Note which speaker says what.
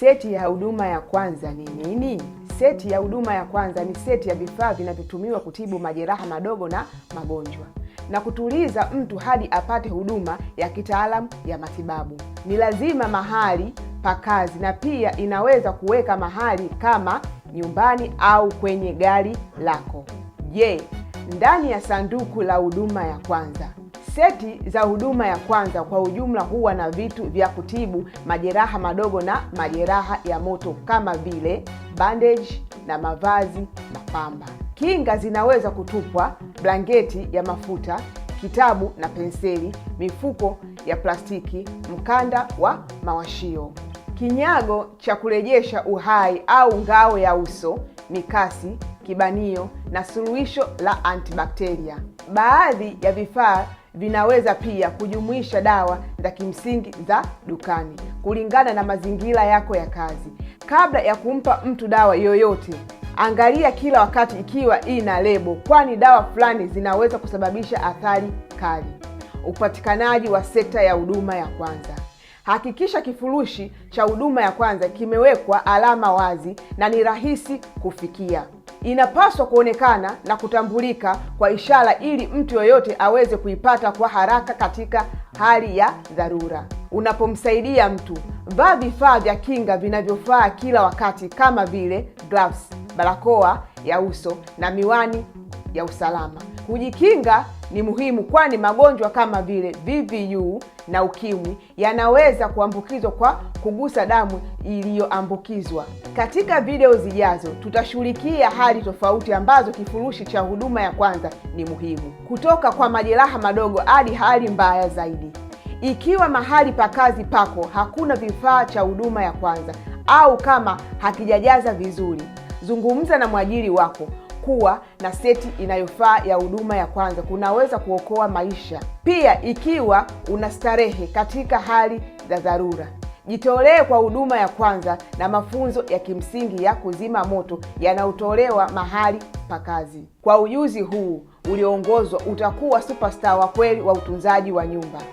Speaker 1: Seti ya huduma ya kwanza ni nini? Seti ya huduma ya kwanza ni seti ya vifaa vinavyotumiwa kutibu majeraha madogo na magonjwa na kutuliza mtu hadi apate huduma ya kitaalamu ya matibabu. Ni lazima mahali pa kazi na pia inaweza kuweka mahali kama nyumbani au kwenye gari lako. Je, ndani ya sanduku la huduma ya kwanza Seti za huduma ya kwanza kwa ujumla huwa na vitu vya kutibu majeraha madogo na majeraha ya moto kama vile bandage na mavazi na pamba. Kinga zinaweza kutupwa, blanketi ya mafuta, kitabu na penseli, mifuko ya plastiki, mkanda wa mawashio, kinyago cha kurejesha uhai au ngao ya uso, mikasi, kibanio na suluhisho la antibakteria. Baadhi ya vifaa vinaweza pia kujumuisha dawa za kimsingi za dukani kulingana na mazingira yako ya kazi. Kabla ya kumpa mtu dawa yoyote, angalia kila wakati ikiwa ina lebo, kwani dawa fulani zinaweza kusababisha athari kali. Upatikanaji wa sekta ya huduma ya kwanza. Hakikisha kifurushi cha huduma ya kwanza kimewekwa alama wazi na ni rahisi kufikia inapaswa kuonekana na kutambulika kwa ishara ili mtu yoyote aweze kuipata kwa haraka katika hali ya dharura. Unapomsaidia mtu, vaa vifaa vya kinga vinavyofaa kila wakati kama vile gloves, barakoa ya uso na miwani ya usalama. Kujikinga ni muhimu, kwani magonjwa kama vile VVU na ukimwi yanaweza kuambukizwa kwa kugusa damu iliyoambukizwa. Katika video zijazo, tutashughulikia hali tofauti ambazo kifurushi cha huduma ya kwanza ni muhimu, kutoka kwa majeraha madogo hadi hali mbaya zaidi. Ikiwa mahali pa kazi pako hakuna vifaa cha huduma ya kwanza au kama hakijajaza vizuri, zungumza na mwajiri wako kuwa na seti inayofaa ya huduma ya kwanza kunaweza kuokoa maisha. Pia ikiwa una starehe katika hali za dharura, jitolee kwa huduma ya kwanza na mafunzo ya kimsingi ya kuzima moto yanayotolewa mahali pa kazi. Kwa ujuzi huu ulioongozwa, utakuwa superstar wa kweli wa utunzaji wa nyumba.